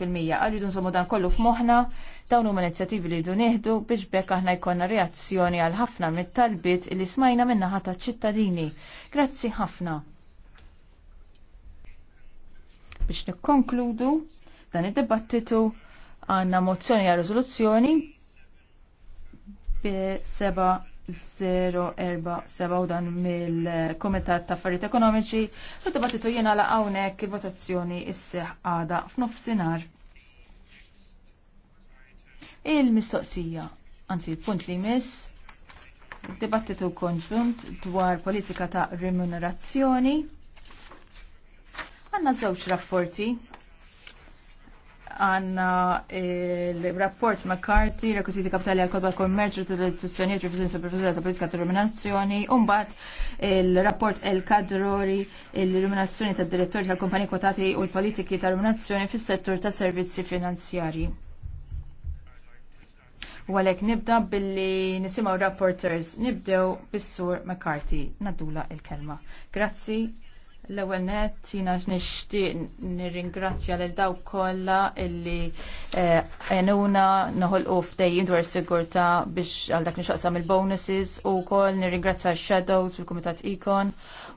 fil-mija. Għalli dun somu dan kollu f'moħna, dawn huma l-inizjativi li dun nieħdu biex bekk aħna jkollna reazzjoni għal ħafna mit-talbiet li smajna minna ħata ċittadini. Grazzi ħafna. Biex nikkonkludu dan id-dibattitu għandna mozzjoni għal riżoluzzjoni bi 047 dan mill-Komitat ta' Affarijiet Ekonomiċi, fid-dibattitu jiena la hawnhekk il-votazzjoni isseħ għada f'nofsinhar. Il-mistoqsija, anzi il-punt li jmiss, dibattitu konġunt dwar politika ta' remunerazzjoni. Għanna żewġ rapporti għanna il-rapport McCarthy, rekwisiti kapitali għal kodba kommerċ, utilizzazzjoni, revizjoni supervizjoni ta' politika ruminazzjoni illuminazzjoni, umbat il-rapport El Kadrori, l ruminazzjoni ta' direttori tal kompani kwotati u l-politiki ta' ruminazzjoni fis settur ta' servizzi finanzjari. U għalek nibda billi nisimaw rapporters, nibdew bis-sur McCarthy, naddula il-kelma. Grazzi, L-ewwel nett jiena nixtieq nirringrazzja lil dawk kollha illi eh, għenuna noħolqu f'dejjin dwar sigurtà biex għal dak nixaqsam il-bonuses u wkoll nirringrazzja x-shadows fil-Kumitat Ikon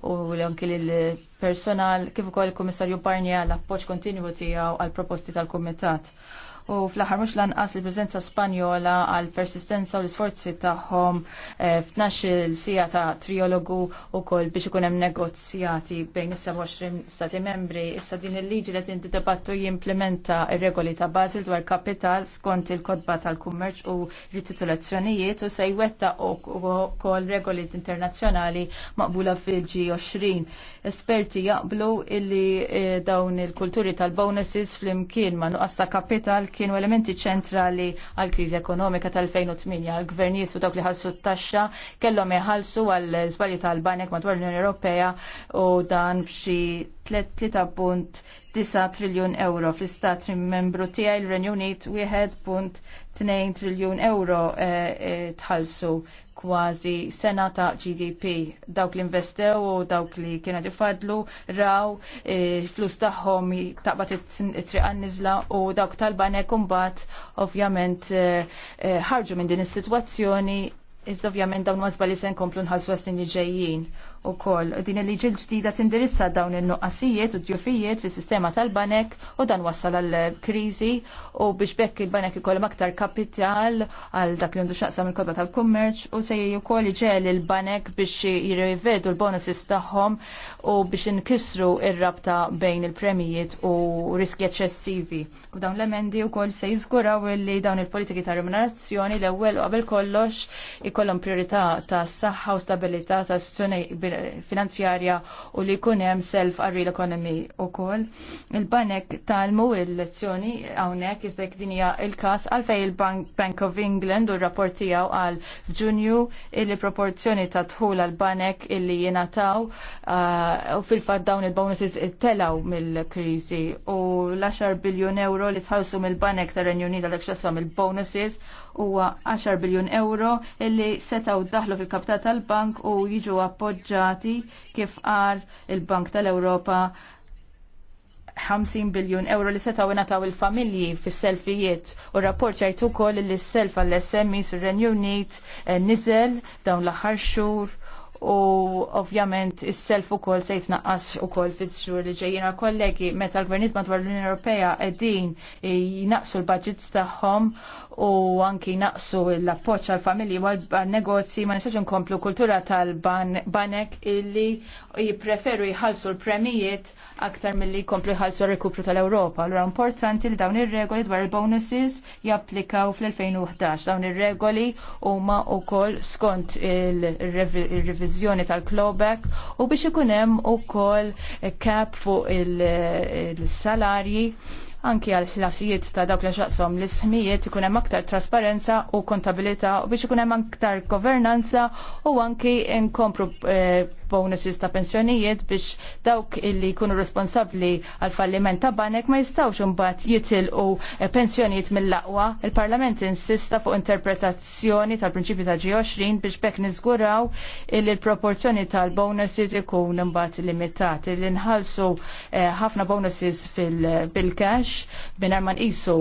u anki lill-personal kif ukoll il-Kummissarju Barnier l appoġġ kontinwu tiegħu għall proposti tal-Kumitat u fl-aħħar mhux lanqas il-preżenza Spanjola għal persistenza u l-isforzi tagħhom eh, f'12 sija ta' triologu wkoll biex ikun hemm negozjati bejn is-27 stati membri. Issa din il-liġi li tinti debattu jimplementa r regoli ta' Basel dwar kapital skont il-kodba tal-kummerċ u rititolazzjonijiet u se jwetta wkoll regoli internazzjonali maqbula fil-G20. Esperti jaqblu illi eh, dawn il-kulturi tal-bonuses fl-imkien ma' nuqqas ta' kapital kienu elementi ċentrali għal kriżi ekonomika tal-2008. Għal-gvernijiet u dawk li ħalsu t-taxxa kellhom iħallsu għal żbalji tal-banek madwar l-Unjoni Ewropea u dan b'xi 3.9 triljun euro fl-istat membru tiegħi l-Renju Unit 2 triljun euro eh, eh, tħallsu kważi sena ta' GDP. Dawk li investew u dawk li kienu ifadlu raw eh, flus tagħhom taqbad it-triqan nizla u dawk tal-banek imbagħad ovvjament ħarġu minn din is-sitwazzjoni Iżda ovvjament dawn wasba li se nkomplu nħallsu għas ġejjin u koll. Din il-liġi l-ġdida tindirizza dawn il-nuqqasijiet u djufijiet fis sistema tal-banek u dan wassal għal-krizi u biex bekk il-banek ikollhom aktar kapital għal dak li għandu xaqsam il-kodba tal-kummerċ u se jkoll ġel il-banek biex jirrivedu l-bonuses tagħhom u biex inkisru il rabta bejn il-premijiet u riski eċċessivi. U dawn l-emendi u koll se jizguraw li dawn il-politiki ta' remunerazzjoni l-ewwel u qabel kollox ikollhom priorità ta' saħħa u stabilità ta' istituzzjoni finanzjarja u li jkun hemm self a real economy ukoll. Il-banek talmu il-lezzjoni hawnhekk iżda din hija il-każ għalfejn il-Bank of England u r-rapport tiegħu għal ġunju li proporzjoni ta' dħul għal banek illi jingħataw uh, u fil-fatt dawn il-bonuses it-telaw mill-kriżi u l-10 biljun euro li tħallsu mill-banek tar-Renju Unit għal il-bonuses huwa 10 biljun euro illi setaw daħlu fil-kapital tal-bank u jiġu appoġġati kif għar il-Bank tal-Ewropa 50 biljun euro li setaw inataw il-familji fis selfijiet u rapport ċajtu kol li s-self għall-SMI sur Renju Unit eh, nizel dawn l-ħar xur u ovvjament is-self ukoll se jitnaqqas ukoll fix-xhur li ġejjin kollegi meta l-gvernijiet madwar l-Unjoni Ewropea qegħdin jinaqsu l-budgets tagħhom u anki naqsu l-appoġġ għall familji u għal-negozji ma nistax inkomplu kultura tal-banek illi jippreferu jħallsu l-premijiet aktar milli jkomplu jħallsu r-rekupru tal-Ewropa. Allura importanti li dawn ir-regoli dwar il-bonuses japplikaw fl-2011. Dawn ir-regoli huma wkoll skont il-reviżjoni reviżjoni tal-clawback u biex ikun hemm ukoll kap fuq il-salarji anki għal ħlasijiet ta' dawk li xaqsom l-ismijiet ikun hemm aktar trasparenza u kontabilità u biex ikun hemm aktar governanza u anki nkomplu. eh, bonuses ta' pensjonijiet biex dawk illi jkunu responsabbli għal falliment ta' banek ma jistawx imbagħad jitilqu eh, pensjonijiet mill-aqwa. Il-Parlament insista fuq interpretazzjoni tal-prinċipju ta' G20 biex bekk niżguraw illi l-proporzjoni tal-bonuses ikun imbagħad limitat. Illi nħallsu eh, ħafna bonuses fil-cash mingħajr ma nqisu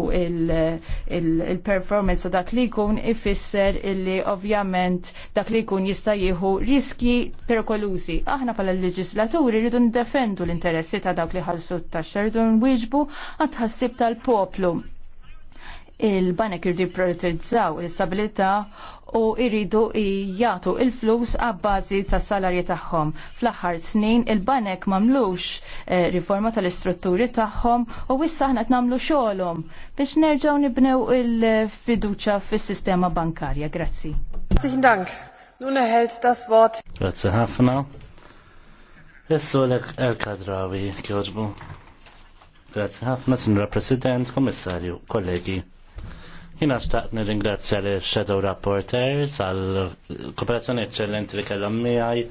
il-performance ta' dak li jkun ifisser illi ovvjament dak li jkun jista' jieħu riski perikolużi abużi. Aħna pala leġislaturi rridu ndefendu l-interessi ta' dawk li ħalsu ta' xerdu nwiġbu tħassib tal-poplu. Il-banek irridu prioritizzaw l istabilità u irridu jgħatu il-flus għabbażi tas salarji tagħhom. Fl-aħħar snin il-banek mamlux eh, riforma tal-istrutturi tagħhom u wissa aħna nagħmlu xogħolhom biex nerġgħu nibnew il-fiduċa fis-sistema bankarja. Grazzi. Nun erhält das Wort. Grazie ħafna. Issu l-kadrawi, kjoġbu. Grazie ħafna, Sinra President, Komissarju, kollegi. Jina xtaqt nir-ingrazzja li Shadow Rapporters għal kooperazzjoni eccellenti li kellhom miegħi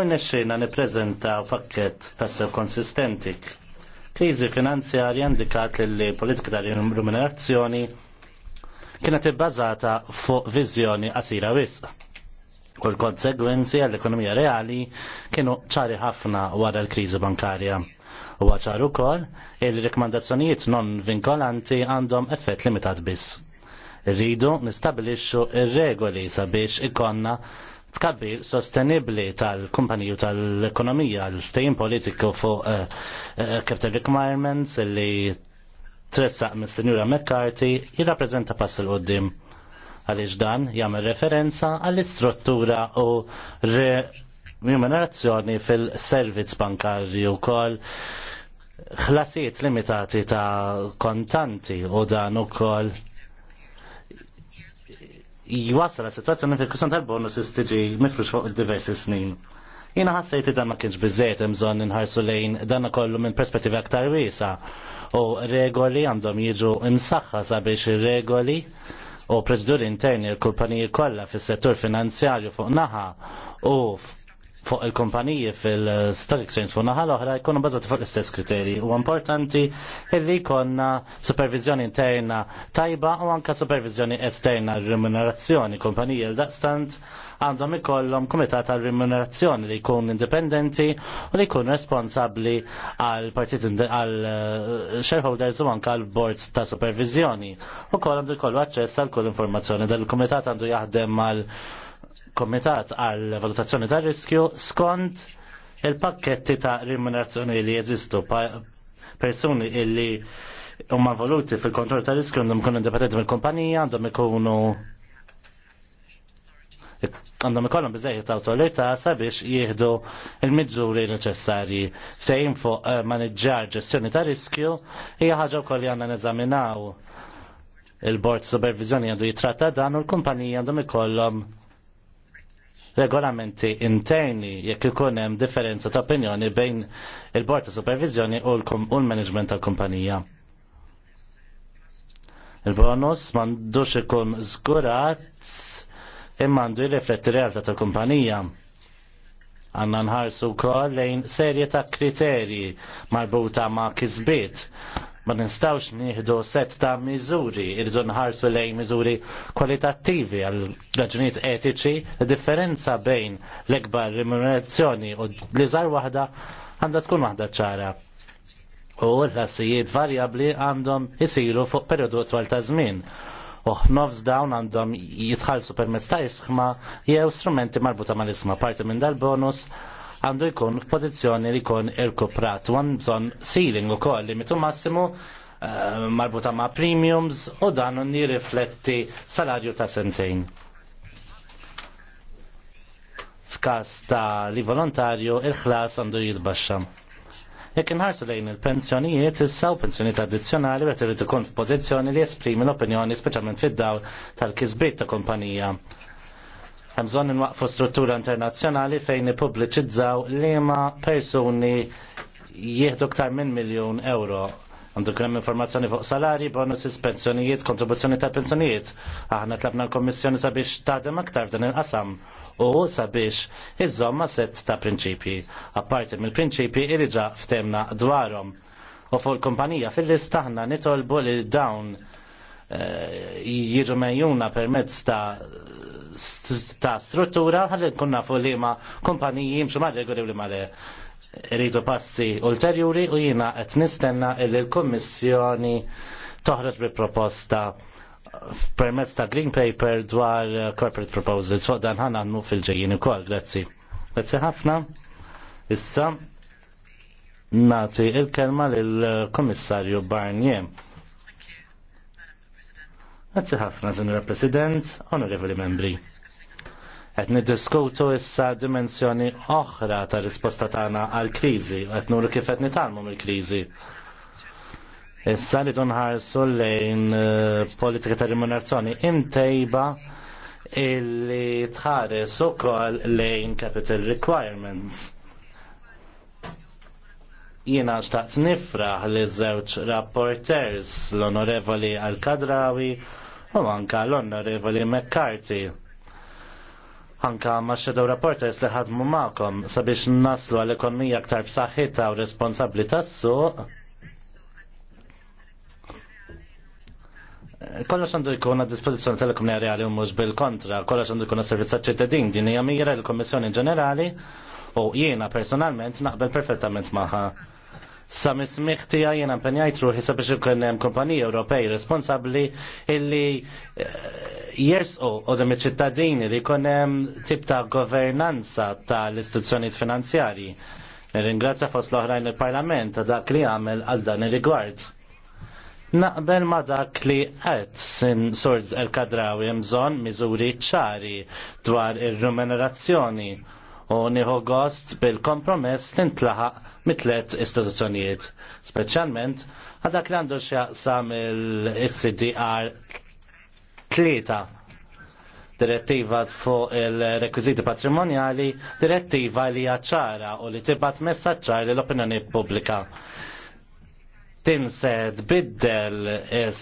u nixxina nippreżenta pakket tassew konsistenti. Kriżi finanzjarja indikat li politika tal-ruminazzjoni kienet ibbażata fuq viżjoni qasira wisq Kull konsegwenzi għall-ekonomija reali kienu ċari ħafna wara l-kriżi bankarja. U ċaru kol il-rekomandazzjonijiet non vinkolanti għandhom effett limitat biss. Rridu nistabilixxu il regoli sabiex ikonna tkabbir sostenibli tal-kumpaniju tal-ekonomija, l-ftejn politiku fuq eh, eh, capital requirements li tressaq mis-Sinjura McCarthy jirrappreżenta pass il-qoddim għaliex dan jagħmel referenza għall-istruttura u remunerazzjoni fil-servizz bankarju wkoll ħlasijiet limitati ta' kontanti u dan ukoll jwasal la situazzjoni fil kusan tal-bonus istiġi mifrux fuq diversi snin. Jina ħassajt li dan ma kienx bizzejt imżon nħarsu lejn dan kollu minn perspettiva aktar wiesa u regoli għandhom jiġu imsaxħa sabiex ir-regoli u proċeduri interni l-kumpaniji kollha fis-settur finanzjarju fuq naħa u fuq il-kompaniji fil-stock exchange fuq naħal oħra jkunu bazzati fuq l-istess kriteri. U importanti illi konna supervizjoni interna tajba u anka supervizjoni esterna remunerazzjoni. Kompaniji l-daqstant għandhom ikollhom kumitat għal remunerazzjoni li jkun indipendenti u li jkun responsabli għal partit għal eh, shareholders u anka għal boards ta' supervizjoni. U koll għandu jkollu aċċess għal kull informazzjoni. Dal-kumitat għandu jaħdem għal komitat għal valutazzjoni ta' riskju skont il-pakketti ta' rimunerazzjoni li jeżistu persuni illi huma voluti fil-kontroll ta' riskju għandhom ikunu indipendenti mill-kumpanija, għandhom ikunu għandhom ikollhom biżejjed awtorità sabiex jieħdu l-miġġuri neċessarji. Fejn fuq eh, maniġġar ġestjoni ta' riskju hija ħaġa wkoll li għandna neżaminaw il-Bord Supervizjoni għandu jitratta dan u l-kumpanija għandhom ikollhom regolamenti interni jekk ikun hemm differenza ta' opinjoni bejn il-Bord ta' Supervizjoni u l-Management tal-kumpanija. Il-bonus m'għandux ikun żgurat imma għandu jirrifletti realtà tal-kumpanija għanna nħarsu kol lejn serje ta' kriterji marbuta ma' kizbit ma nistawx nieħdu set ta' miżuri, irridu nħarsu lejn miżuri kwalitattivi għal raġunijiet etiċi, differenza bejn l-ekbar remunerazzjoni u l iżgħar waħda għandha tkun waħda ċara. U l-ħassijiet varjabli għandhom isiru fuq periodu twal ta' żmien. U ħnofs dawn għandhom jitħallsu permezz ta' isħma jew strumenti marbuta mal-isma. Parti minn dal-bonus għandu jkun f'pożizzjoni li jkun irkuprat. Għan bżon ceiling u koll limitu massimu eh, marbuta ma' premiums u dan rifletti salarju ta' sentejn f'każ ta' li volontarju il-ħlas għandu jitbaxxa. Jekk inħarsu lejn il-pensjonijiet, issa u pensjonijiet addizzjonali qed irid ikun f'pożizzjoni li esprimi l-opinjoni speċjalment fid-dawl tal-kisbiet ta' kumpanija. Hemm bżonn inwaqfu struttura internazzjonali fejn ippubbliċizzaw liema persuni jieħdu ktar minn miljun euro għandu kunem informazzjoni fuq salari, bonus, pensjonijiet, kontribuzzjoni ta' pensjonijiet. Aħna tlabna l-Kommissjoni sabiex ta' aktar dan il-qasam u sabiex iżomma set ta' prinċipji. Apparti mill-prinċipji irriġa ftemna dwarhom. U fuq il-kumpanija fil list aħna nitolbu li dawn Eh, jiġu mejjuna permezz ta' ta' struttura ħalli nkun nafu li ma' kumpaniji jimxu ma' regoli li ma' rridu passi ulterjuri u jiena qed nistenna li l kommissjoni toħroġ bi proposta permezz ta' Green Paper dwar corporate proposals fuq dan ħan għannu fil-ġejjin ukoll, grazzi. Grazzi ħafna. Issa Nati il-kelma lill-Kummissarju Barnier. Grazzi ħafna, Signora President, onorevoli membri. Qed niddiskutu issa dimensjoni oħra ta' risposta tagħna għall kriżi qed nuru kif qed nitalmu mill-kriżi. Issa li tunħarsu lejn eh, politika ta' remunerazzjoni imtejba illi tħares ukoll lejn capital requirements Jiena xtaqt nifraħ li żewġ rapporters l-Onorevoli Al-Kadrawi u anka l-Onorevoli McCarthy. Anka ma rapporters li ħadmu maqom sabiex naslu għal ekonomija aktar b'saħħitha u responsabbli tas-suq. Kollox għandu jkun għad dispozizjoni tal-ekonomija reali u mhux bil-kontra, kollox għandu jkun għad servizzat ċittadin din hija mira l-Kommissjoni ġenerali U jiena personalment naqbel perfettament maħa. Sa mismiħ tija jiena mpenjajt ruħi sa ikun hemm kumpaniji Ewropej responsabbli illi eh, jersqu u dem ċittadini li jkun hemm tip ta' governanza tal-istituzzjonijiet finanzjarji. Nirringrazzja fost l-oħrajn il-Parlament ta' dak li għamel għal dan ir-rigward. Naqbel ma dak li għed sin sord el-kadrawi mżon bżonn miżuri ċari dwar ir-remunerazzjoni u nieħu gost bil-kompromess li ntlaħaq mitlet istituzzjonijiet, speċjalment għadak li għandu x'jaqsam il-CDR tlieta direttiva fuq il-rekwiziti patrimonjali, direttiva li ċara u li tibat messaċċar li l-opinjoni pubblika tinse tbiddel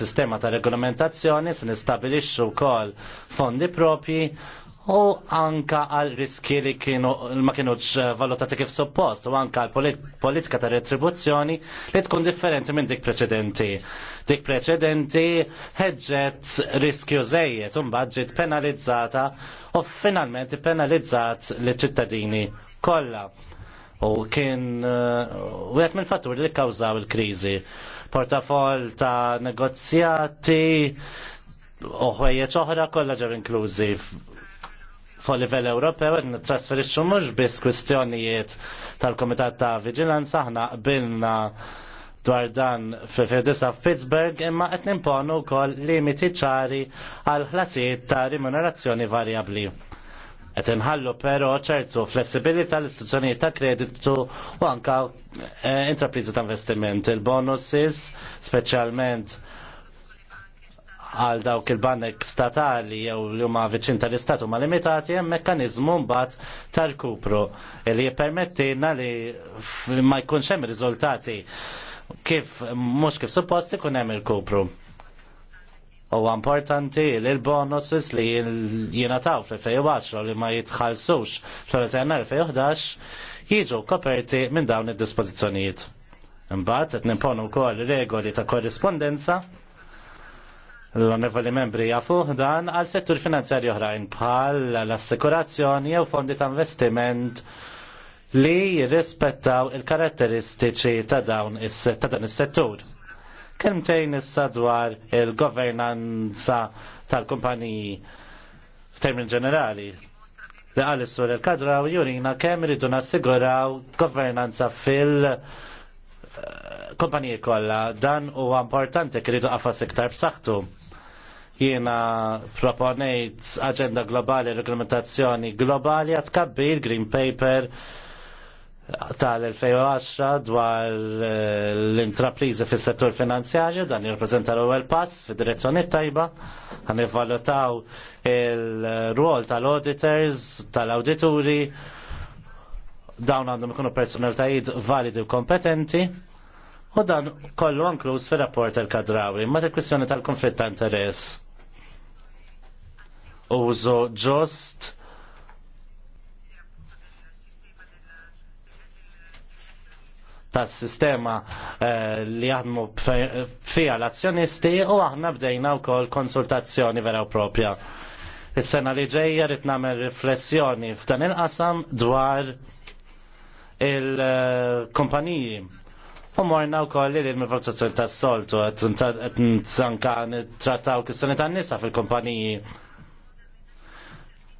sistema ta' regolamentazzjoni, se nistabilixxu wkoll fondi propji u anka għal riski li kienu ma kienuċ eh, valutati kif suppost u anka għal politika ta' retribuzzjoni li tkun differenti minn dik preċedenti. Dik preċedenti ħedġet riskju zejiet, un ġiet penalizzata u finalment penalizzat li ċittadini kollha. U kien u eh, għet minn fattur li kawżaw il-krizi. Portafol ta' negozjati ħwejjeġ oħra kollha ġew inklużi fuq livell Ewropew qed nittrasferixxu mhux biss kwistjonijiet tal-Kumitat ta' Viġilanza aħna qbilna dwar dan fil-Fedisa f'Pittsburgh imma qed nimponu wkoll limiti ċari għal ħlasijiet ta' rimunerazzjoni varjabbli. Qed inħallu però ċertu flessibilità l-istituzzjonijiet ta' kreditu u anka eh, intrapriżi ta' investiment. Il-bonuses speċjalment għal dawk il-banek statali jew li huma viċin tal-istat huma limitati hemm mekkaniżmu mbagħad tal-kupru li jippermettilna li ma jkunx hemm riżultati kif mhux kif suppost ikun hemm il-kupru. Huwa importanti li l-bonuses li jingħataw fl-2010 li ma jitħallsux fl-2011 jiġu koperti minn dawn id-dispożizzjonijiet. Imbagħad qed nimponu wkoll regoli ta' korrispondenza l-onorevoli membri jafuh dan għal settur finanzjarju oħrajn bħal l-assikurazzjoni jew fondi ta' investiment li jirrispettaw il-karatteristiċi ta' dawn is-settur. Kemmtejn issa dwar il-governanza tal-kumpaniji f'termin ġenerali li għal sur il-kadra u jurina kemm rridu nassiguraw governanza fil- eh, kompaniji kollha dan huwa importanti kridu iridu qafas iktar b'saħħtu jiena proponejt agenda globali, reglamentazzjoni globali għat kabbi il-Green Paper tal-2010 dwar eh, l-intraprizi fis settur finanzjarju dan jirrepresenta l-ewwel pass fi direzzjoni tajba għan valutaw il ruol tal-auditors, tal-awdituri dawn għandhom ikunu personalitajiet validi u kompetenti u dan kollu anklus fir rapport tal-kadrawi ma' kwistjoni tal-konflitt ta' interess użu ġost tas sistema eh, li jaħdmu fija l-azzjonisti u aħna bdejna wkoll konsultazzjoni vera u propja. Is-sena li ġejja rid nagħmel riflessjoni f'dan il-qasam dwar il-kumpaniji. U morna wkoll li l-mivalutazzjoni tas-soltu qed nsanka nittrattaw kwistjoni tan-nisa fil-kumpaniji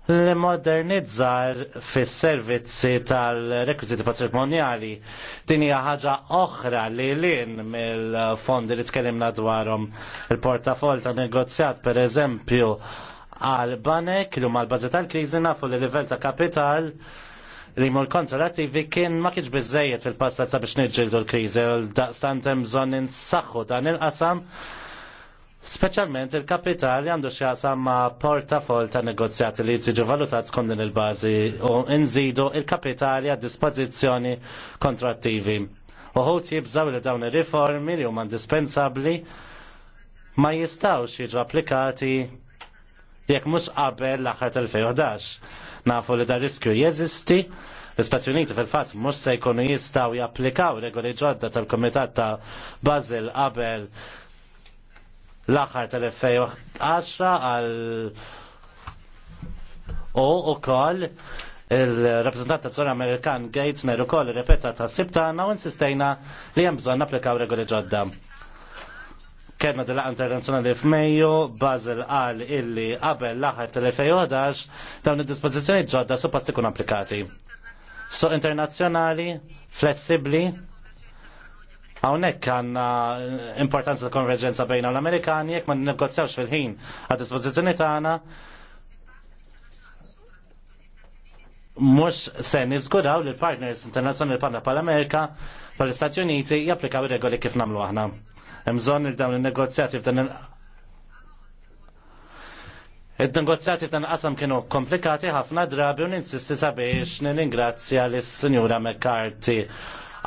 l-modernizzar fis servizzi tal-rekwiziti patrimonjali din hija ħaġa oħra li lin mill-fondi li tkellimna dwarhom il-portafol ta' negozjat per eżempju għal banek li huma l-bażi tal-kriżi nafu li livell ta' kapital li mur konservativi kien ma kienx biżejjed fil-passat sabiex niġġieldu l-kriżi u daqstant hemm bżonn insaħħu dan il-qasam Speċjalment il-kapital li għandu xjaqsam ma' portafol ta' negozjati li jtiġu valutat skont din il-bażi u nżidu il-kapitali għad dispozizjoni kontrattivi. Uħut jibżaw li dawn ir-riformi li huma indispensabbli ma jistawx jiġu applikati jekk mhux qabel l-aħħar tal-2011. Nafu li da riskju jeżisti, l-Istati Uniti fil-fatt mhux se jkunu jistgħu japplikaw regoli ġodda tal-Kumitat ta' Basel qabel l-axar tal-2010 għal u u koll il-rappresentant tazzjoni Amerikan Gatesner ukoll ripeta ta' sibtana u insistejna li hemm bżonn applikaw regoli ġodda. Kenna dil internazzjonali f'Mejju, Basel għal illi qabel l-aħħar tal-2011 dawn id-dispożizzjoni ġodda suppost ikun applikati. So internazzjonali, flessibbli, Hawnhekk għandna importanza ta' konverġenza bejna l-Amerikani jekk ma nnegozjawx fil-ħin għad dispożizzjoni tagħna mux se nizguraw li l-partners internazzjonali bħala pal-Amerika pal-Istati Uniti japplikaw regoli kif namlu għahna. Mżon il-dawn il-negozjati f'dan il- Il-negozjati f'dan qasam kienu komplikati ħafna drabi u ninsisti sabiex n-ingrazzja l-Sinjura McCarthy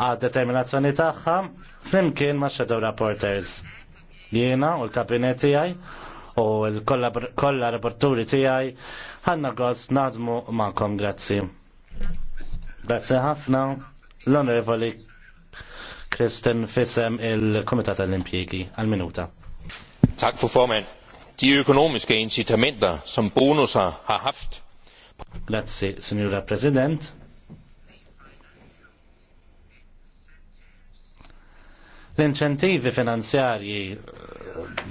għad determinazzjoni tagħha flimkien ma' Shadow Reporters. Jiena u l-kabinet tiegħi u l-kolla reporturi tiegħi ħanna gost nadmu ma'kom grazzi. Grazzi ħafna l-Onorevoli Kristen Fissem il-Komitat impjiegi għal-minuta. Tak fu formen. De økonomiske incitamenter som bonusser har haft. Grazie, signora President. L-inċentivi finanzjarji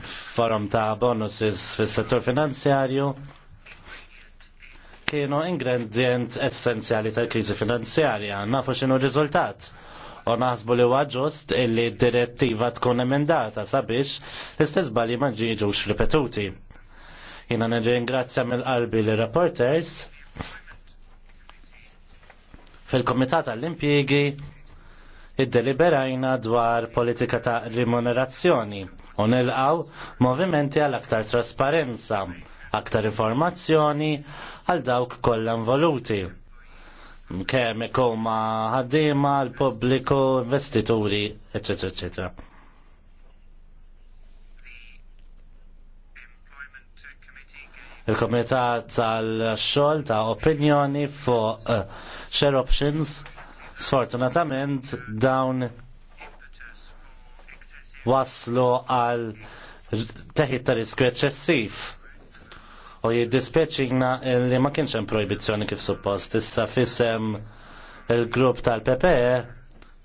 forum ta' bonuses fis settur finanzjarju kienu ingredient essenzjali tal-krizi finanzjarja. Nafu xinu riżultat. U naħsbu li huwa illi direttiva tkun emendata sabiex l-istess bali ma ġiġux ripetuti. Jina nirringrazzja mill-qalbi li reporters fil-Komitat għall-Impjegi iddeliberajna dwar politika ta' rimunerazzjoni u nilqaw movimenti għal aktar trasparenza, aktar informazzjoni għal dawk kollha involuti. Kemm ikoma ħaddiema l-pubbliku, investituri, eċetera, eċetera. il-Komitat tal-Xol ta' Opinjoni fuq uh, Share Options Sfortunatament dawn waslu għal teħit ta' riskju eċċessiv. U jiddispjaċina li ma kienx hemm proibizzjoni kif suppost. Issa fisem il-grupp tal-PPE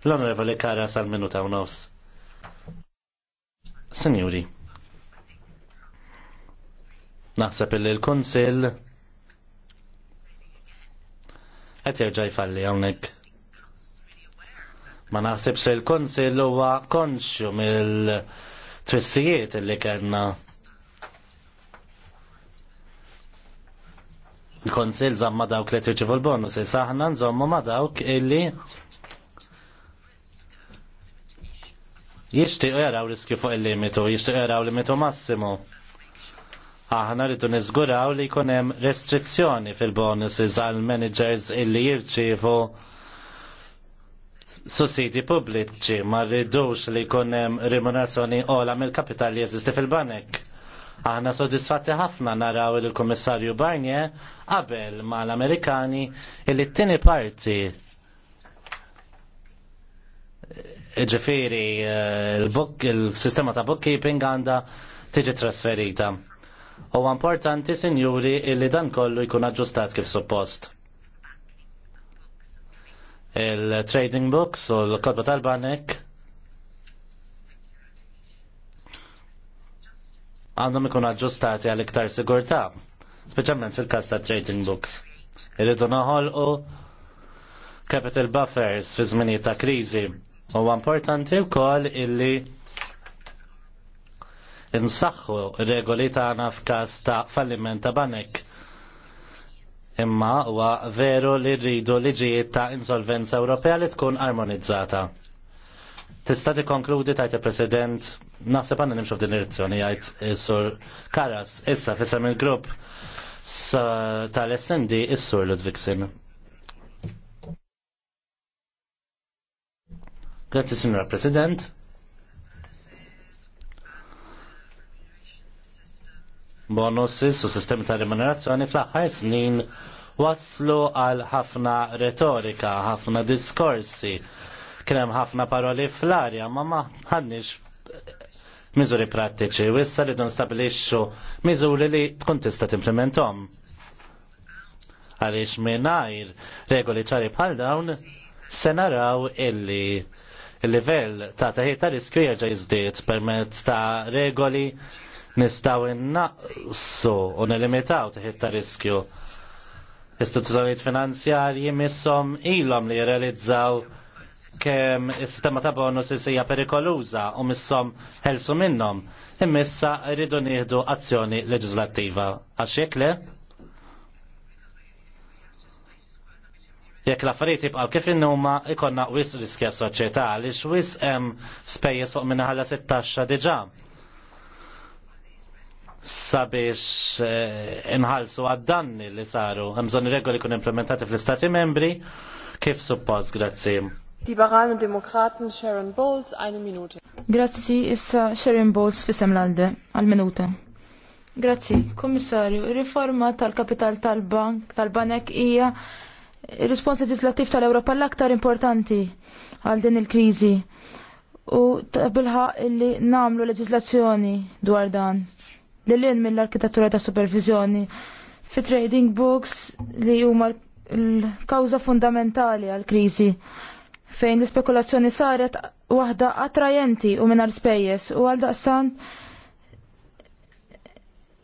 l-Onorevoli Karas għal minuta u nofs. Sinjuri, naħseb li l-Konsil qed jerġa' jfalli hawnhekk. Ma naħsibx li l-Konsil huwa konxju mill-twissijiet li kellna. Il-Konsil zamma dawk li tirċivu l-bonus, saħna nżommu ma dawk illi u jaraw riskju fuq il-limitu, u jaraw limitu massimo. Aħna rridu niżguraw li jkun hemm restrizzjoni fil-bonuses għal managers illi jirċievu sussidi pubbliċi ma rridux li jkun hemm remunerazzjoni ola mill-kapital li jeżisti fil-banek. Aħna sodisfatti ħafna naraw il-Kummissarju Barnier qabel ma l-Amerikani il t-tieni parti ġifiri eh, il-sistema ta' bookkeeping għanda tiġi trasferita. U importanti, sinjuri, illi dan kollu jkun aġġustat kif suppost il-trading books u l-kodba tal-banek għandhom ikun aġġustati għal iktar sigurtà, speċjalment fil kas ta' trading books. Irridu u capital buffers fi żminijiet ta' kriżi. Huwa importanti wkoll illi insaħħu regoli tagħna f'każ ta' falliment ta' banek imma huwa veru li rridu liġijiet ta' insolvenza Ewropea li tkun armonizzata. Tista' tikkonkludi tajt il-President naħseb għandna nimxu f'din direzzjoni jgħid is-sur Karas issa fisem il-grupp tal-SND is-sur Ludviksin. Grazzi, Signora President. bonuses u sistemi ta' remunerazzjoni fl-aħħar snin waslu għal ħafna retorika, ħafna diskorsi. Kien hemm ħafna paroli fl-arja, ma ma ħadniex miżuri prattiċi, u issa don nstabilixxu miżuri li tkun tista' timplementhom. Għaliex mingħajr regoli ċari bħal dawn se naraw illi il-livell ta' taħi ta' riskju jerġa' jizdiet permezz ta' regoli nistaw innaqsu u nelimitaw teħid ta' riskju. Istituzzjonijiet finanzjarji missom ilhom li jirrealizzaw kemm is-sistema ta' bonus isija perikoluża u missom ħelsu minnhom. Immissa rridu nieħdu azzjoni leġislattiva. Għax jekk le? jekk l-affarijiet jibqgħu kif innuma ikonna wis riskja soċjetà li xwis hemm spejjeż fuq minna ħalla 16 diġà sabiex eh, inħalsu għad-danni li saru. Hemżon regoli kun implementati fl-Istati membri kif suppost, grazzi. Liberalen und Demokraten Sharon Bowles, eine Minute. Grazzi, issa Sharon Bowles fissem l-alde, għal-minuta. Grazzi, Kommissarju, riforma tal-kapital tal-bank, tal-banek hija il-respons leġislattiv tal-Ewropa l-aktar importanti għal din il-krizi u tabilħa illi namlu leġislazzjoni dwar dan li l-in mill-arkitettura ta' supervizjoni fi trading books li huma l-kawza fundamentali għal-krizi fejn l-spekulazzjoni saret waħda attrajenti u minar spejjes u għal daqsan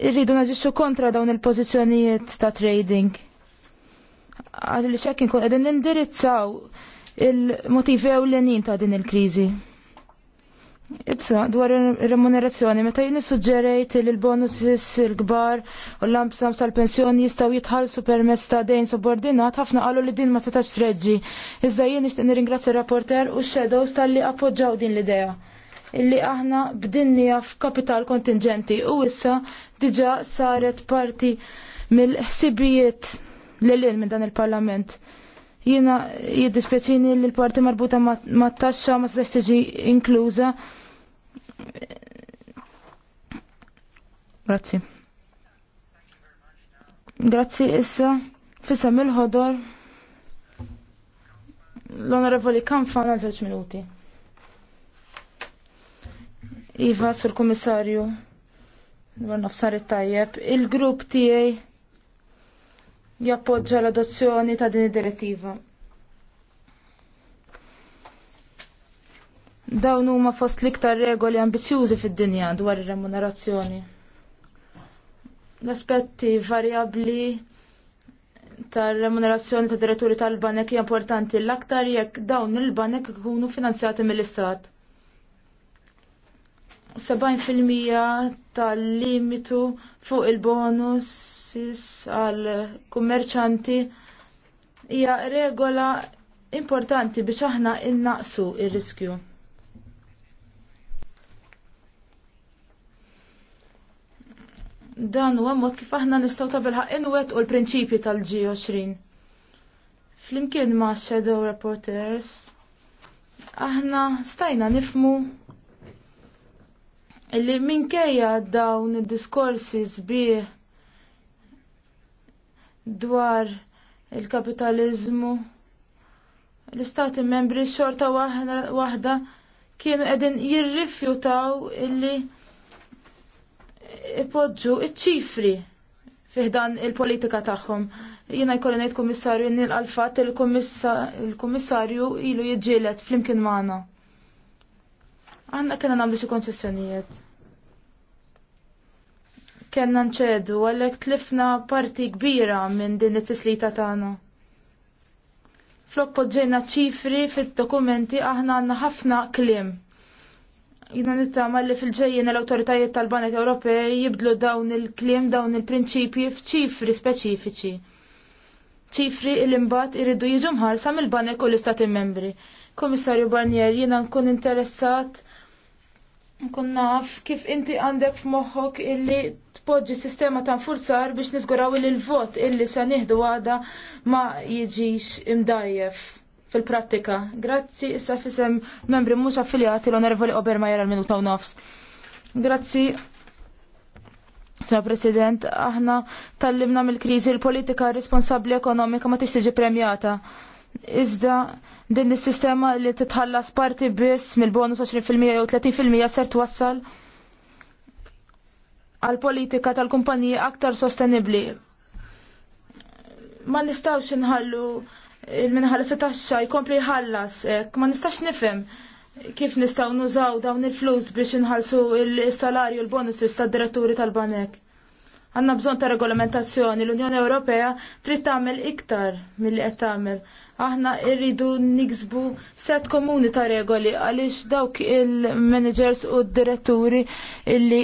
irridu naġiċu kontra dawn il-pozizjonijiet ta' trading. Għal li xekin kun għedin nindirizzaw il-motivi ewlenin ta' din il-krizi. Itza, dwar remunerazzjoni, meta jini suġġerejt li l-bonuses il-gbar u l-lampsam tal-pensjoni jistaw jitħalsu permess ta' dejn subordinat, ħafna qalu li din ma setax treġġi. Iżda jien nixtieq nirringrazzja rapporter u x-shadows tal-li appoġġaw din l-idea. Illi aħna b'dinnija f'kapital kontingenti u issa diġa saret parti mill-ħsibijiet l-lil minn dan il-parlament jina jiddispjaċini li l-parti marbuta ma' taxxa ma' s tiġi inkluża Grazzi. Grazzi issa Fissa il-ħodor l-onorevoli kan fana żewġ minuti. Iva, sur komissarju, għan it-tajjeb, il-grupp tijaj jappoġġa l-adozzjoni ta' din id-direttiva. Dawn huma fost l-iktar regoli ambizjużi fid-dinja dwar ir-remunerazzjoni. L-aspetti varjabbli tar-remunerazzjoni ta' diretturi tal-banek hija importanti l-aktar jekk dawn il-banek ikunu finanzjati mill-istat. 70% tal-limitu fuq il bonus għal kummerċanti hija regola importanti biex aħna innaqsu ir-riskju. Dan huwa mod kif aħna nistgħu ta' bilħaq inwet u l-prinċipji tal-G20. Flimkien ma' Shadow Reporters, aħna stajna nifmu illi minkejja dawn id-diskorsi sbieħ dwar il-kapitalizmu l-istati membri xorta waħda kienu qegħdin jirrifjutaw illi ipoġġu iċ-ċifri fiħdan il-politika tagħhom. Jiena jkollu ngħid kummissarju nilqa' l-fatt il-kummissarju ilu jiġġieled flimkien magħna. Għandna kena nagħmlu xi konċessjonijiet. Kenna nċedu għalhekk tlifna parti kbira minn din it-tislita tagħna. Flok poġġejna ċifri fid-dokumenti aħna għandna ħafna kliem Jina nittama li fil-ġejjen l-autoritajiet tal-Banek Ewropej jibdlu dawn il-klim, dawn il-prinċipji f'ċifri speċifiċi. ċifri il-imbat irridu jiġu mħarsa mill-Banek u l-Istati membri. Komissarju Barnier, jina nkun interessat, nkun naf kif inti għandek f'moħħok illi tpoġġi sistema ta' nfurzar biex nizguraw il-vot illi se nieħdu għada ma jiġix imdajjef fil-prattika. Grazzi, issa fisem membri mhux affiljati l-onorevoli Obermajer għal-minuta u nofs. Grazzi, Sena President, aħna tal-limna mill-krizi l-politika responsabli ekonomika ma tix tiġi premjata. Iżda din is-sistema li titħallas parti biss mill-bonus 20% jew 30% ser twassal għal politika tal-kumpaniji aktar sostenibli. Ma nistawx inħallu il-minħallas taxxa jkompli jħallas, ma nistax nifhem kif nistaw nużaw dawn il-flus biex nħalsu il-salarju l-bonuses tad diretturi tal-banek. Għanna bżon ta' regolamentazzjoni, l-Unjoni Ewropea trid tagħmel iktar milli qed tagħmel. Aħna rridu niksbu set komuni ta' regoli għaliex dawk il-managers u d-diretturi illi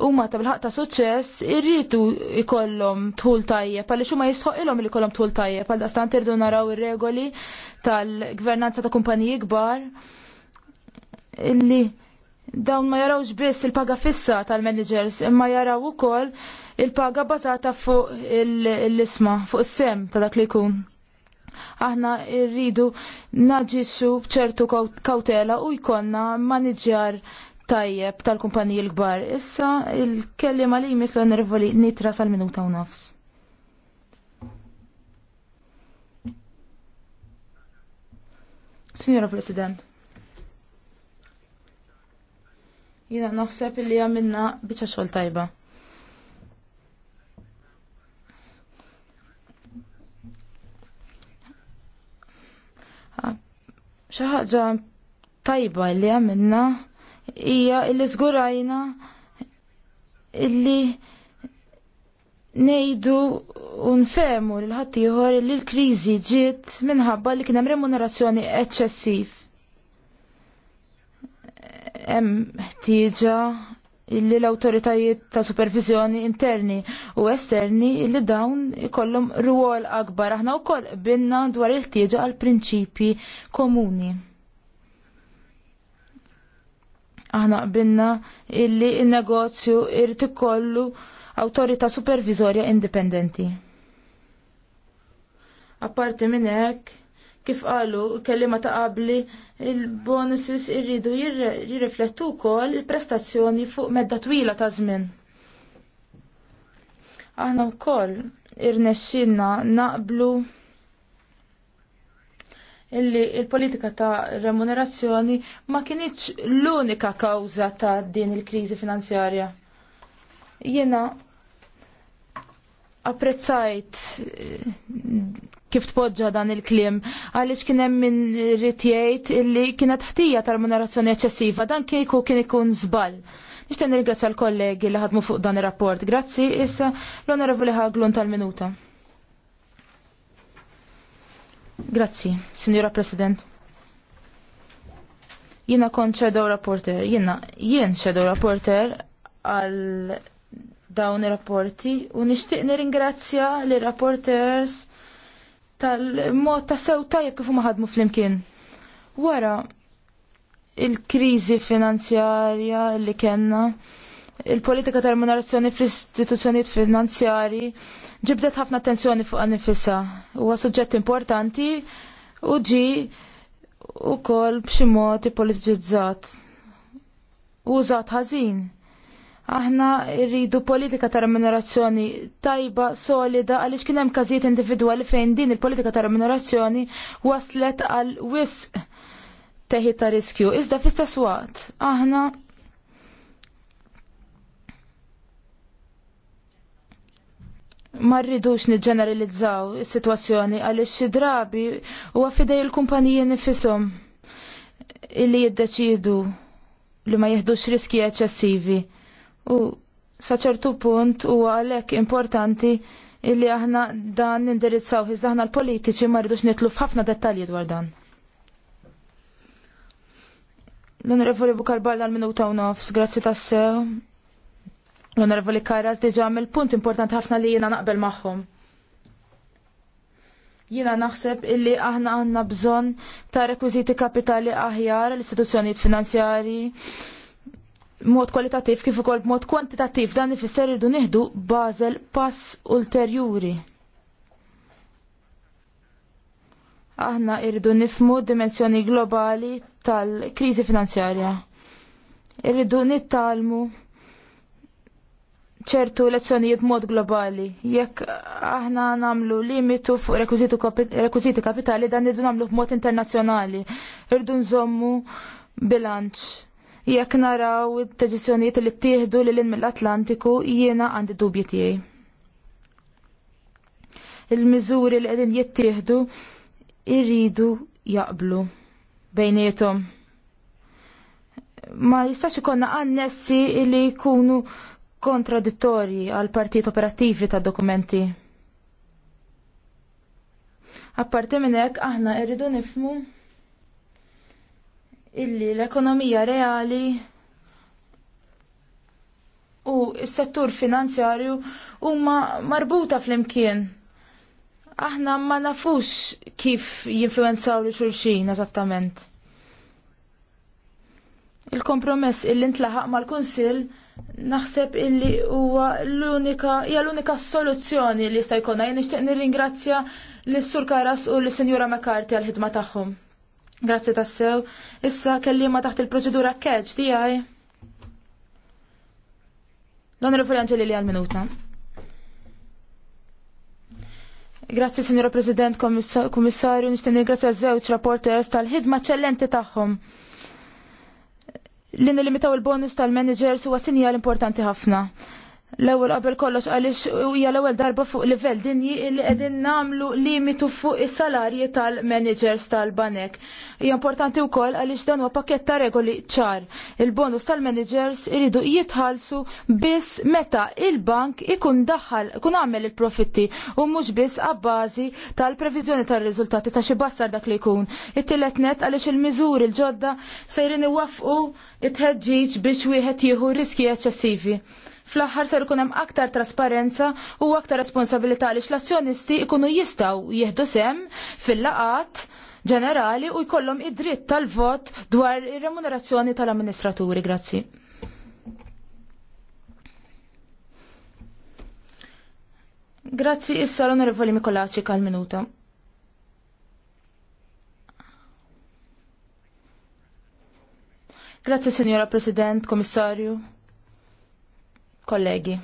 umma ta' bilħaq ta' suċċess irridu jkollhom tħul tajjeb għaliex huma jisħoq ilom li kollom tħul tajjeb għal daqstant tirdu naraw ir-regoli tal-gvernanza ta' kumpaniji gbar, illi dawn ma jarawx biss il-paga fissa tal-managers, imma jaraw ukoll il-paga bazata fuq l-isma, fuq is-sem ta' dak li jkun. Aħna rridu naġixxu bċertu kautela u jkollna maniġjar tajjeb tal-kumpaniji l-kbar. Issa il-kellima li jmislu nervoli nitra sal-minuta u nafs. Signora President, jina naħseb li għamilna bieċa xol tajba. Xaħġa tajba li għamilna hija illi żgurajna illi nejdu unfemu l ħaddieħor illi l-kriżi ġiet minħabba li kien hemm remunerazzjoni eċċessiv. Hemm ħtieġa illi l-autoritajiet ta' supervizjoni interni u esterni illi dawn ikollhom ruol akbar aħna wkoll binna dwar il-tieġa għal prinċipji komuni. Aħna qbilna illi il-negozju irrid ikollu awtorità supervizorja indipendenti. Apparti minn hekk, kif qalu kellima ta' qabli, il-bonuses irridu jirriflettu wkoll il-prestazzjoni fuq medda twila ta' żmien. Aħna wkoll irnexxinna naqblu illi il-politika ta' remunerazzjoni ma kienieċ l-unika kawza ta' din il-krizi finanzjarja. Jena apprezzajt eh, kif tpoġġa dan il-klim għaliex kien hemm min illi kienet ħtija ta' remunerazzjoni eċċessiva dan kieku kien ikun żball. Nixtieq nirgrazzja l-kollegi li ħadmu fuq dan ir-rapport. Grazzi issa l-Onorevoli Ħaglun tal-Minuta. Grazzi, Signora President. Jiena kont Shadow Rapporter, jiena jien Shadow Rapporter għal dawn ir-rapporti u nixtieq nirringrazzja li rapporters tal-mod ta' sew tajjeb kif huma ħadmu flimkien. Wara il-kriżi finanzjarja li kellna il-politika tal-remunerazzjoni fl-istituzzjonijiet finanzjari ġibdet ħafna attenzjoni fuq nifissa. Huwa suġġett importanti u ġi u kol b'xi mod u Użat ħażin. Aħna rridu politika ta' remunerazzjoni tajba, solida, għaliex kien hemm każijiet individwali fejn din il-politika ta' remunerazzjoni waslet għal wisq teħi ta' riskju. Iżda fl-istess waqt, aħna ma rridux niġġeneralizzaw is-sitwazzjoni għaliex xi drabi huwa fidej il-kumpaniji nifisom illi jiddeċidu li ma jeħdux riski eċċessivi. U sa ċertu punt huwa għalhekk importanti illi aħna dan nindirizzaw iżda l-politiċi ma rridux nitlu f'ħafna dettalji dwar dan. L-Onorevoli Bukarballa l-minuta u nofs, grazzi tassew. L-Onorevoli Karas diġa mill punt importanti ħafna li jina naqbel maħħum. Jina naħseb illi aħna għanna bżon ta' rekwiziti kapitali aħjar l-istituzzjonijiet finanzjari mod kwalitativ kif ukoll mod kwantitativ dan ifisser irdu nieħdu bażel pass ulterjuri. Aħna irridu nifmu dimensjoni globali tal-kriżi finanzjarja. Irridu nittalmu ċertu lezzjonijiet mod globali. Jekk aħna namlu limitu fuq rekwiziti kapitali dan irdu namlu b'mod internazzjonali. Irdu nżommu bilanċ. Jekk naraw id deċiżjonijiet li ttieħdu lil mill-Atlantiku jiena għandi dubji tiegħi. Il-miżuri li qegħdin jittieħdu irridu jaqblu bejnietom ma jistax ikonna annessi li jkunu kontradittorji għal partit operattivi ta' dokumenti. Apparti minn hekk aħna rridu nifmu illi l-ekonomija reali u s-settur finanzjarju huma marbuta fl-imkien. Aħna ma nafux kif jinfluenzaw li xulxin eżattament. Il-kompromess illi ntlaħaq mal-Kunsill Naħseb illi huwa l-unika hija l-unika soluzzjoni li jista' jkollna. Jien nixtieq nirringrazzja lis sur Karas u lis-Sinjura McCarthy għall ħidma tagħhom. Grazzi tassew. Issa kellima taħt il-proċedura catch tiegħi. L-Onorevoli Angeli li għal-minuta. Grazzi, Signora President, Kommissarju, nishtin ringrazzja żewġ rapporters tal-ħidma ċellenti tagħhom li nilimitaw il-bonus tal-managers huwa sinjal importanti ħafna. L-ewwel qabel kollox għaliex hija l-ewwel darba fuq livell dinji li qegħdin nagħmlu limitu fuq is-salarji tal-managers tal-banek. Hija importanti wkoll għaliex dan huwa pakkett ta' regoli ċar. Il-bonus tal-managers iridu jitħallsu biss meta il-bank ikun daħħal ikun għamel il-profitti u mhux biss għabbażi tal-previżjoni tar-riżultati ta' xi bassar dak li jkun. It-tielet net għaliex il-miżuri l-ġodda sejrin iwaffqu it-ħeġġiġ biex wieħed jieħu riski eċċessivi fl-aħħar ser ikun hemm aktar trasparenza u aktar responsabilità li l-azzjonisti ikunu jistgħu jieħdu sem fil-laqat ġenerali u jkollhom id-dritt tal-vot dwar ir-remunerazzjoni tal-amministraturi. Grazzi. Grazzi issa l-Onorevoli Mikolaċi kal-minuta. Grazzi, Signora President, commissario kollegi.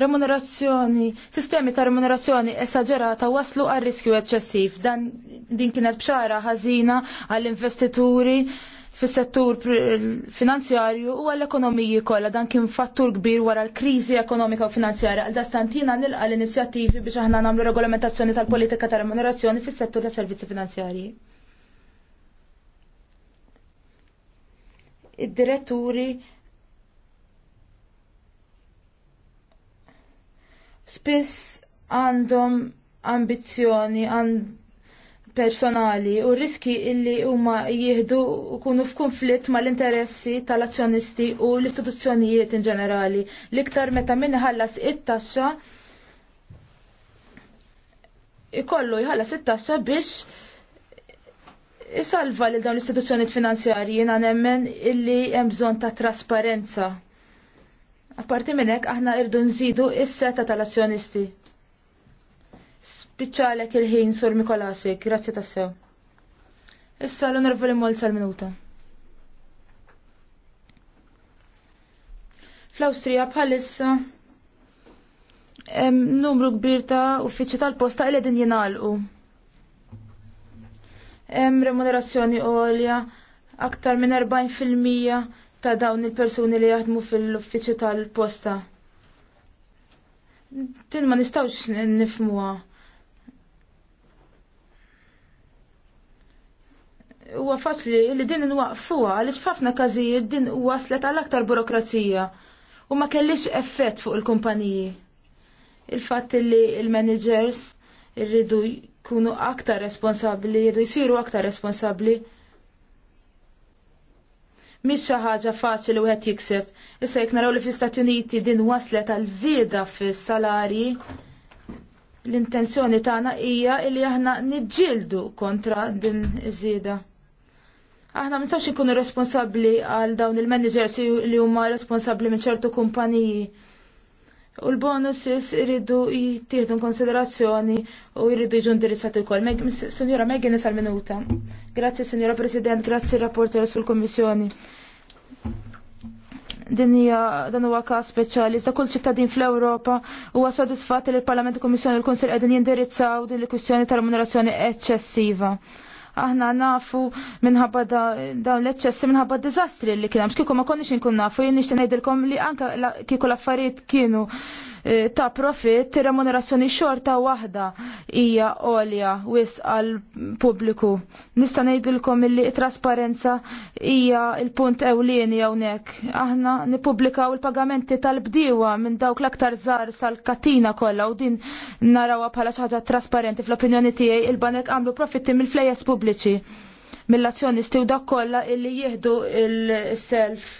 Remunerazzjoni, sistemi ta' remunerazzjoni esagerata waslu għal riskju eċċessiv. Dan din kienet bċara ħażina għall-investituri fis-settur finanzjarju u għall-ekonomiji kollha dan kien fattur kbir wara l-kriżi ekonomika u finanzjarja għal dastantina nilqa l-inizjattivi biex aħna nagħmlu regolamentazzjoni tal-politika ta' remunerazzjoni fis-settur tas servizzi finanzjarji. Id-diretturi spiss għandhom ambizzjoni għand personali u riski illi huma jieħdu kunu f'konflitt mal-interessi tal-azzjonisti u l-istituzzjonijiet in ġenerali. L-iktar meta min ħallas it-taxxa ikollu jħallas it-taxxa biex isalva lil dawn l-istituzzjonijiet finanzjarji jiena nemmen illi hemm bżonn ta' trasparenza Apparti minn hekk aħna irdu nżidu is-seta tal-azzjonisti. Spiċċalek il-ħin sur Mikolasik, grazzi tassew. Issa l-onorevoli Mol sal-minuta. Fl-Awstrija bħalissa numru kbir ta' uffiċċji tal-posta li din jingħalqu. Hemm remunerazzjoni għolja aktar minn 40% ta' dawn il-persuni li jaħdmu fil-uffiċċju tal-posta. Din ma nistawx nifmuha. Huwa faċli li din nwaqfuha għaliex f'ħafna każijiet din waslet għal aktar burokrazija u ma kellix effett fuq il-kumpaniji. Il-fatt li il-managers irridu jkunu aktar responsabli, jridu jisiru aktar responsabli mhix xi ħaġa faċli wieħed jikseb. Issa jekk naraw li fl-Istati Uniti din waslet għal żieda fis-salarji, l-intenzjoni tagħna hija li aħna niġġieldu kontra din iż-żieda. Aħna ma nistgħux inkunu responsabbli għal dawn il-managers li huma responsabbli minn ċertu kumpaniji u l-bonuses irridu jittieħdu konsiderazzjoni u jridu jiġu indirizzati wkoll. Sinjora Megan isal minuta. Grazie Signora President, grazie rapporter sul-Kommissjoni. Din hija dan huwa każ speċjali iżda kull ċittadin fl-Ewropa huwa sodisfatt li l-Parlament u Kummissjoni l-Kunsill qegħdin jindirizzaw din il-kwistjoni tal-remunerazzjoni eċċessiva aħna nafu minħabba dawn l-eċċessi minħabba d-dizastri li kien hemm. ma konniex inkun nafu, jien nixtieq ngħidilkom li anke kieku l-affarijiet kienu Eh, ta' profit remunerazzjoni xorta waħda hija għolja wis għal pubbliku. Nista' ngħidilkom illi trasparenza hija l-punt ewlieni hawnhekk. Aħna nippubblikaw il-pagamenti tal-bdiewa minn dawk l-aktar żgħar sal-katina kollha u din narawha bħala xi ħaġa trasparenti fl-opinjoni tiegħi il-banek għamlu profitti mill-flejjes pubbliċi mill-azzjonisti u dak kollha illi jieħdu il-self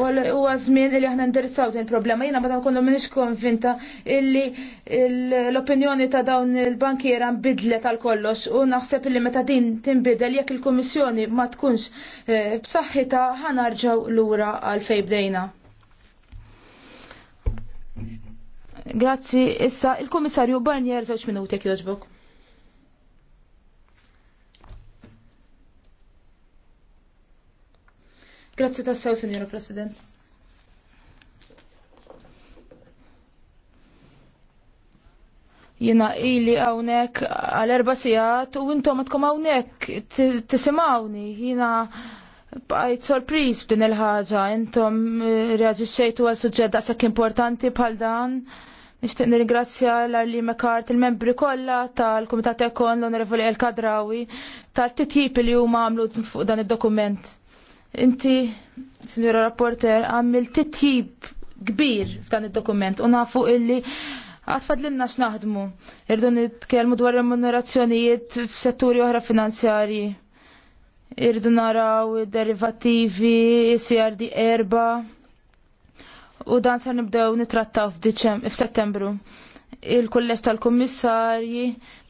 U huwa żmien li aħna ndirizzaw din il-problema. Jiena meta nkunu m'iniex konvinta illi l-opinjoni ta' dawn il-bankiera nbidlet għal kollox u naħseb illi meta din tinbidel jekk il-Kummissjoni ma tkunx eh, b'saħħitha ħanarġaw lura għal fejn bdejna. Grazzi, issa il-Kummissarju Barnier żewġ minuti jogħġbok. Grazzi tassew, Signora President. Jena ili għawnek għal erba sijat u intom għatkom għawnek tisimawni. Jena bħajt sorpriz b'din il-ħagġa. Intom xejtu eh, għal suġġed daqsak importanti bħal dan. Nishtiq nirringrazzja l-Arli Mekart, il-membri kollha tal komitat Ekon, l-Onorevoli El Kadrawi, tal-titjib li huma għamlu fuq dan id-dokument Inti, Signora Rapporter, għamil titjib kbir f'dan id-dokument u nafu illi għatfad l-inna xnaħdmu. Irdu nitkelmu dwar remunerazzjonijiet f'setturi oħra finanzjari. Irdu naraw derivativi, e CRD erba. U dan sar nibdew nitrattaw f'settembru. il kollex tal-kommissarji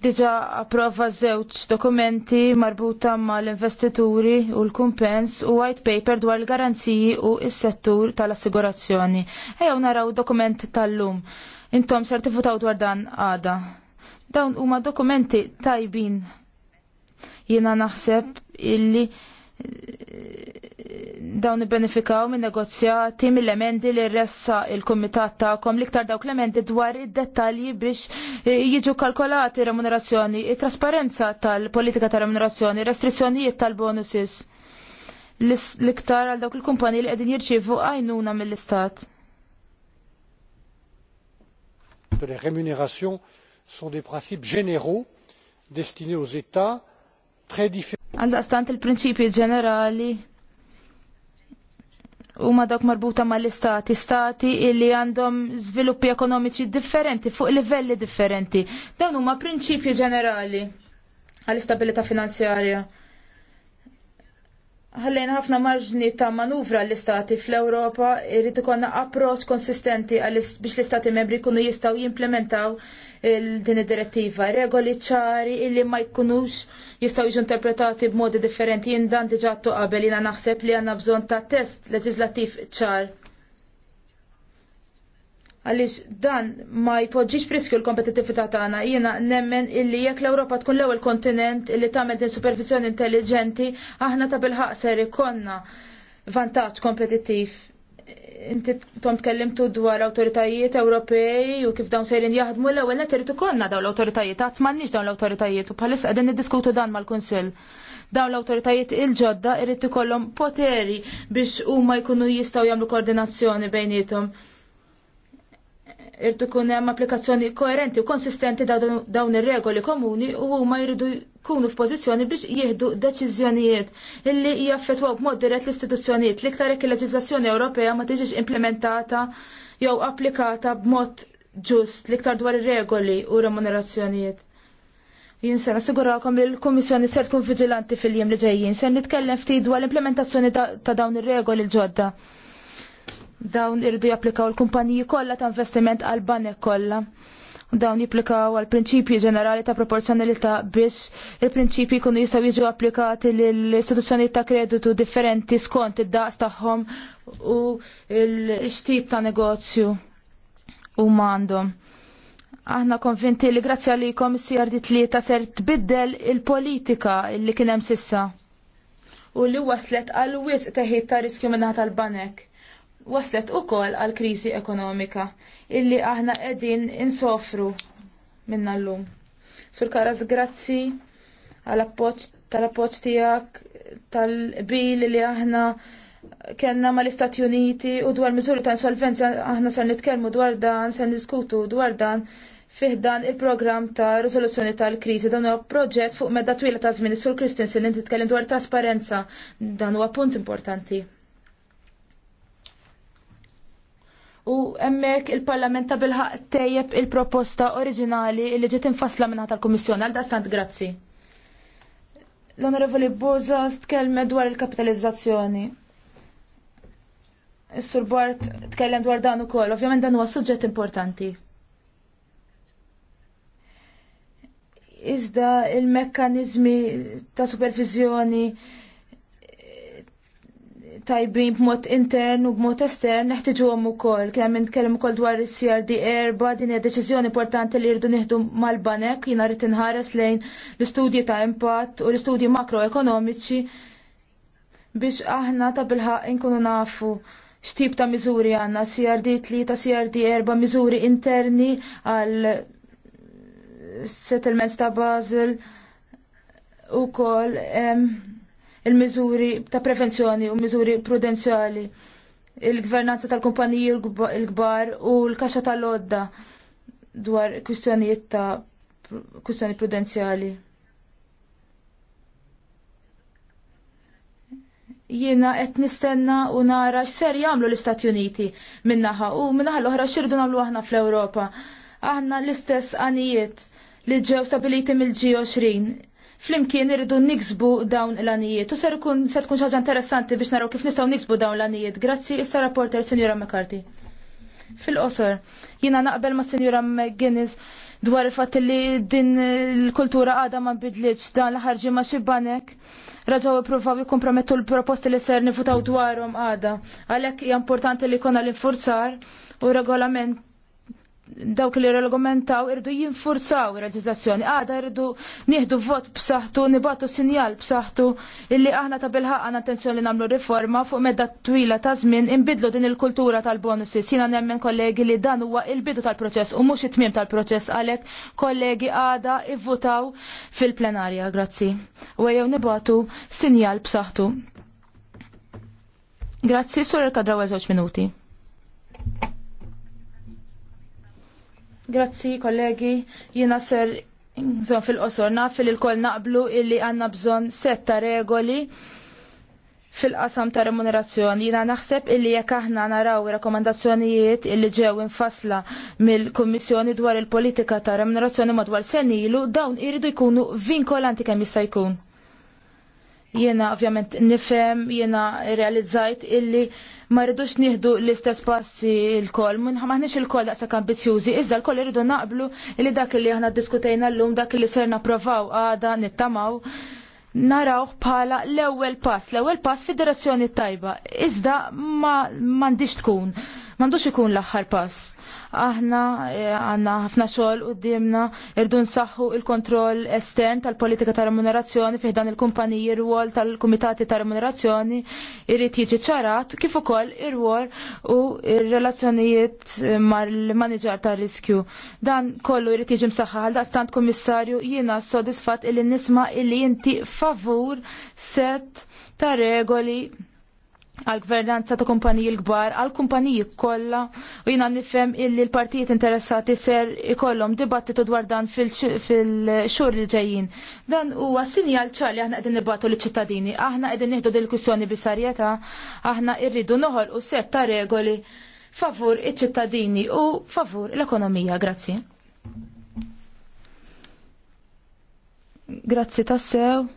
diġa approva żewġ dokumenti marbuta mal-investituri u l-kumpens u white paper dwar il-garanziji u s-settur tal-assigurazzjoni. Ejja naraw dokument tal-lum. Intom sertifutaw dwar dan għada. Dawn huma dokumenti tajbin. Jiena naħseb illi dawn ibbenefikaw minn negozjati mill-emendi li ressa il-komitat ta'kom liktar dawk l-emendi dwar id-dettalji biex eh, jiġu kalkolati remunerazzjoni, trasparenza tal-politika ta' remunerazzjoni, restrizzjonijiet tal-bonuses. L-iktar għal dawk il-kumpani li qegħdin jirċievu għajnuna mill-istat. Les rémunérations sont des principes généraux destinés aux États très différents. Għaldaqstant il-prinċipji ġenerali huma dawk marbuta mal-istati, stati illi għandhom sviluppi ekonomiċi differenti fuq livelli differenti. Dawn huma prinċipji ġenerali għall-istabilità finanzjarja ħallejna ħafna marġni ta' manuvra l-istati fl-Ewropa irrid ikonna approċ konsistenti biex l-istati membri jkunu jistgħu jimplementaw din id-direttiva. Regoli ċari illi ma jkunux jistgħu jiġu interpretati b'modi differenti jien dan diġà qabel jiena naħseb li għandna bżonn ta' test leġislattiv ċar għaliex dan ma jpoġġiġ friskju l kompetitività tagħna. Jiena nemmen illi jekk l-Ewropa tkun l-ewwel kontinent illi tagħmel din supervizjoni intelligenti, aħna ta' bil-ħaqser ikonna vantaġġ kompetittiv. Inti tom tkellimtu dwar awtoritajiet Ewropej u kif dawn sejrin jaħdmu l-ewwel qed irid ikollna dawn l-awtoritajiet, għad m'għandniex dawn l-awtoritajiet u bħalissa qegħdin niddiskutu dan mal-Kunsill dawn l-autoritajiet il-ġodda irrid ikollhom poteri biex huma jkunu jistgħu jagħmlu koordinazzjoni bejniethom irtu kun hemm applikazzjoni koerenti u konsistenti dawn ir-regoli komuni u huma jridu jkunu f'pożizzjoni biex jieħdu deċiżjonijiet illi jaffettwaw b'mod dirett l-istituzzjonijiet li iktar jekk il-leġiżlazzjoni Ewropea ma tiġix implementata jew applikata b'mod ġust l-iktar dwar ir-regoli u remunerazzjonijiet. Jinsen, assigurakom li l-Komissjoni ser tkun vigilanti fil-jiem li ġejjin. Sen nitkellem ftit dwar l-implementazzjoni ta' dawn ir-regoli l-ġodda. Dawn irridu japplikaw l-kumpaniji kollha ta' investiment għal banek kollha. Dawn jipplikaw għal prinċipji ġenerali ta' proporzjonalità biex il-prinċipji jkunu jistgħu jiġu applikati lill istituzzjoni ta' kreditu differenti skont id-daqs tagħhom u l-xtip ta' negozju u mandom. Aħna konvinti li grazzi għalikom di tlieta ser tbiddel il-politika li kienem sissa. U li waslet għal wisq teħid ta' riskju minnaħat tal-banek waslet ukoll għal kriżi ekonomika illi aħna qegħdin insofru minna llum. Sur Karas grazzi għal appoġġ tal-appoġġ tiegħek tal-bil li aħna kellna mal-Istati Uniti u dwar miżuri ta' insolvenza aħna se nitkellmu dwar dan, se niskutu dwar dan fiħdan il-programm ta' rizoluzzjoni tal-krizi dan huwa proġett fuq medda twila ta' żmien sur Kristinsen inti dwar trasparenza dan huwa punt importanti. u hemmhekk il-Parlament ta' bilħaq tejjeb il-proposta oriġinali li ġiet infassla minnha tal-Kummissjoni għal dastant grazzi. L-Onorevoli Boza tkellmet dwar il-kapitalizzazzjoni. Is-Sur Bart tkellem dwar dan ukoll, ovvjament dan huwa suġġett importanti. Iżda il-mekkaniżmi ta' supervizjoni tajbin b'mod intern u b'mod estern neħtiġuhom ukoll kemm nitkellem ukoll dwar is-CRD erba' din deċizjoni deċiżjoni importanti li rridu nieħdu mal-banek jina rrid inħares lejn l-istudji ta' impatt u l-istudji makroekonomiċi biex aħna ta' bilħaq inkunu nafu x'tip ta' miżuri għandna CRD tlieta, CRD erba' miżuri interni għal settlements ta' Basel u kol il-miżuri ta' prevenzjoni u miżuri prudenzjali, il-gvernanza tal-kumpaniji il kbar u l-kaxa tal-odda dwar kwistjonijiet ta' kwistjoni prudenzjali. jiena qed nistenna u nara x'ser jagħmlu l-Istati Uniti minnaħa u minnaħa l-oħra xirdu nagħmlu aħna fl-Ewropa. Aħna l-istess għanijiet li ġew stabiliti mill-G20 flimkien irridu niksbu dawn l-anijiet. U ser ikun ser tkun ħaġa interessanti biex naraw kif nistgħu niksbu dawn l-anijiet. Grazzi issa rapporter Sinjura McCarthy. Fil-qosor, jiena naqbel ma' Sinjura McGuinness dwar il fatt li din l-kultura għada ma bidlitx dan l-ħarġi ma xibbanek. Raġaw ippruvaw jikkompromettu l-proposti li ser nifutaw dwarhom għada. Għalhekk hija importanti li jkollna l-infurzar u regolament dawk li regolamentaw irdu jinfurzaw il reġizzazzjoni Għada irdu nieħdu vot b'saħħtu, nibatu sinjal b'saħħtu illi aħna ta' bilħaq attenzjoni nagħmlu riforma fuq medda twila ta' żmien inbidlu din il-kultura tal-bonuses. Sina nemmen kollegi li dan huwa il-bidu tal-proċess u mhux it-tmiem tal-proċess għalhekk kollegi għada ivvutaw fil-plenarja. Grazzi. U jew nibatu sinjal b'saħħtu. Grazzi, sur il-kadra minuti. Grazzi kollegi, jina ser zon fil-qosor naf il-kol naqblu illi għanna bżon setta regoli fil-qasam ta' remunerazzjoni. Jina naħseb illi jekk aħna naraw rekomandazzjonijiet illi ġew infasla mill-Kummissjoni dwar il-politika ta' remunerazzjoni madwar senilu, dawn iridu jkunu vinkolanti kemm jista' jkun. Jena ovvjament nifhem, jena realizzajt illi ma rridux nieħdu l-istess passi l-koll, maħniex il-koll daqshekk ambizjużi, iżda l-koll irridu naqblu li dak li aħna diskutejna llum dak li ser napprovaw għada nittamaw naraw bħala l-ewwel pass, l-ewwel pass fid direzzjoni tajba, iżda ma m'għandix tkun, m'għandux ikun l-aħħar pass aħna eh, għanna ħafna xogħol qudiemna irdu nsaħħu il-kontroll estern tal-politika ta' remunerazzjoni fih dan il-kumpaniji rwol tal-kumitati ta' remunerazzjoni irid jiġi ċarat kif ukoll ir-rwol u ir-relazzjonijiet mal eh, maniġar ta' riskju. Dan kollu irid jiġi msaħħa għal daqstant kummissarju jiena sodisfatt illi nisma' illi inti favur set ta' regoli għal-gvernanza ta' kumpaniji l-kbar, għal-kumpaniji kollha u jina nifhem illi l-partijiet interessati ser ikollhom dibattitu dwar dan fil-xhur li ġejjin. Dan huwa għal ċar li aħna għedin nibattu li ċittadini aħna qegħdin nieħdu dil-kussjoni bisarjeta, bis-sarjetà, aħna rridu noħolqu ta' regoli favur iċ-ċittadini u favur l-ekonomija. Grazzi. Grazzi tassew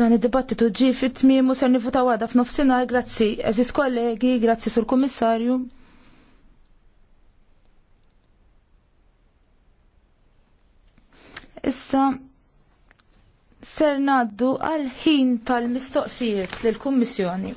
dan id-dibattitu ġi fit-tmiem u ser nifuta għada f'nofsinhar, grazzi eżis kollegi, grazzi sur kummissarju. Issa ser naddu għal ħin tal-mistoqsijiet lill-Kummissjoni.